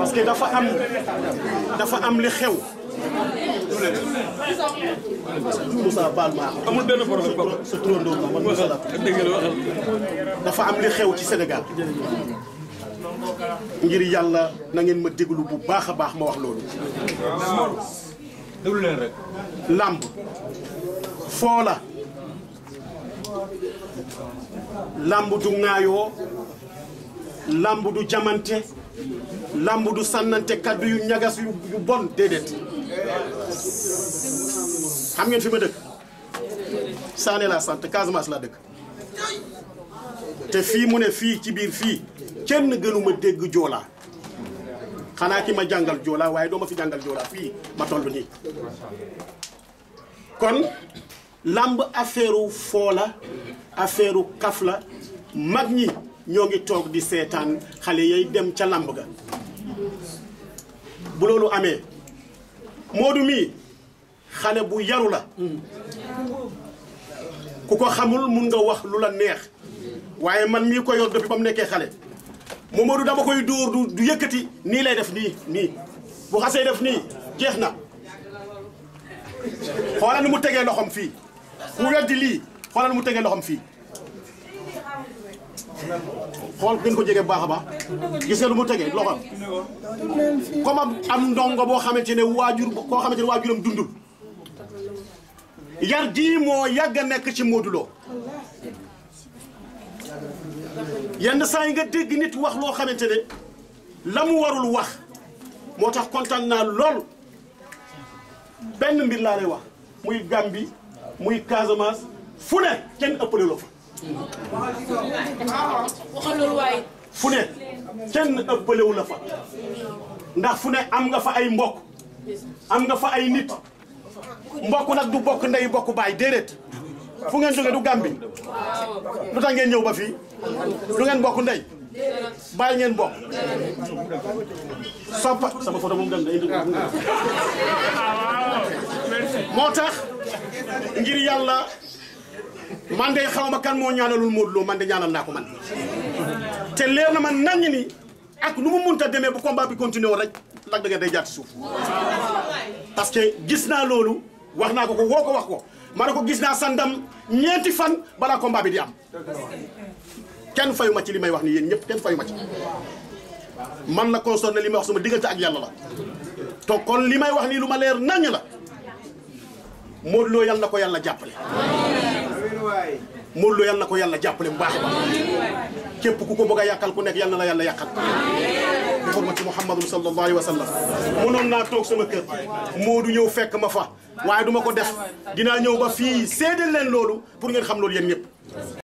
parce que dafa am am li xew. Moussa Baal ma am li xew ci Sénégal. ngir yàlla nangeen ma déglu bu baax a baax ma wax loolu. déglu leen làmb foo làmb du ŋaayoo. làmb du jamante. làmb du sànnante kaddu yu ñagas yu bon déedéet xam ngeen fi ma dëkk Sané laa sant Casamance laa dëkk te fii mu ne fii ci biir fii kenn gënuma dégg joolaa xanaa ki ma jàngal joolaa waaye doo ma fi jàngal joolaa fii ma toll nii kon làmb affaireu foo la affaireu kaf la mag ñi ñoo ngi toog di seetaan xale yay dem ca làmb ga bu loolu amee Modou mii xale bu yaru la ku ko xamul mun nga wax lu la neex waaye man mii ko yor depuis ba mu nekkee xale moom Modou dama koy dóor du du yëkkati nii lay def nii nii bu xasee def nii jeex na xoolal nu mu tegee loxom fii mu weddi lii xoolal nu mu tegee loxoom fii xool gën ko jege baax a baax gis nga lu mu tege loxo comme am ndongo boo xamante ne waajur koo xamante ne waajuram dundul yar ji moo yàgg a nekk ci Modou Lo yenn yi nga dégg nit wax loo xamante ne la mu warul wax moo tax kontaan naa lool benn mbir laa lay wax muy Gambie muy Casamance fu ne kenn ëppale loo waxal loolu waaye. fu ne fa ndax fu ne am nga fa ay mbokk am nga fa ay nit mbokk nag du bokk ndey bokk baay déedéet fu ngeen jógee du Gàmbi lu tax ngeen ñëw ba fii lu ngeen bokk ndey bàyyi ngeen bokk soppa sama photo moom dem da indi ah, moo tax ngir yàlla man de xaw ma kan moo ñaanalul Modou man de ñaanal naa ko man te leer na ma naññ ni ak nu mu munta demee bu combat bi continué woon rek Lac de Guiers day jaar ci suuf parce que gis naa loolu wax naa ko ko woo ko wax ko ma ne ko gis naa sandam ñeenti fan balaa combat bi di am kenn fayu ma ci li may wax ni yéen ñëpp kenn fayu ma ci na la concerné li may wax suma diggante ak yàlla la to kon li may wax nii lu ma leer naññ la Modou Lo yàlla na ko yàlla jàppale Modou Lo yal ko yàlla jàppale mu baax képp ku ko bëgg a yàqal ku nekk yal na la yàlla yàqal bi xurmati Muhammadun sallallahu alayhi wa sallam mënoon naa toog sama kër Modou ñëw fekk ma fa waaye duma ko def dinaa ñëw ba fii séedal leen loolu pour ngeen xam loolu yéen ñëpp